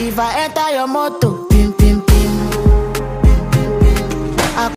If I enter your motor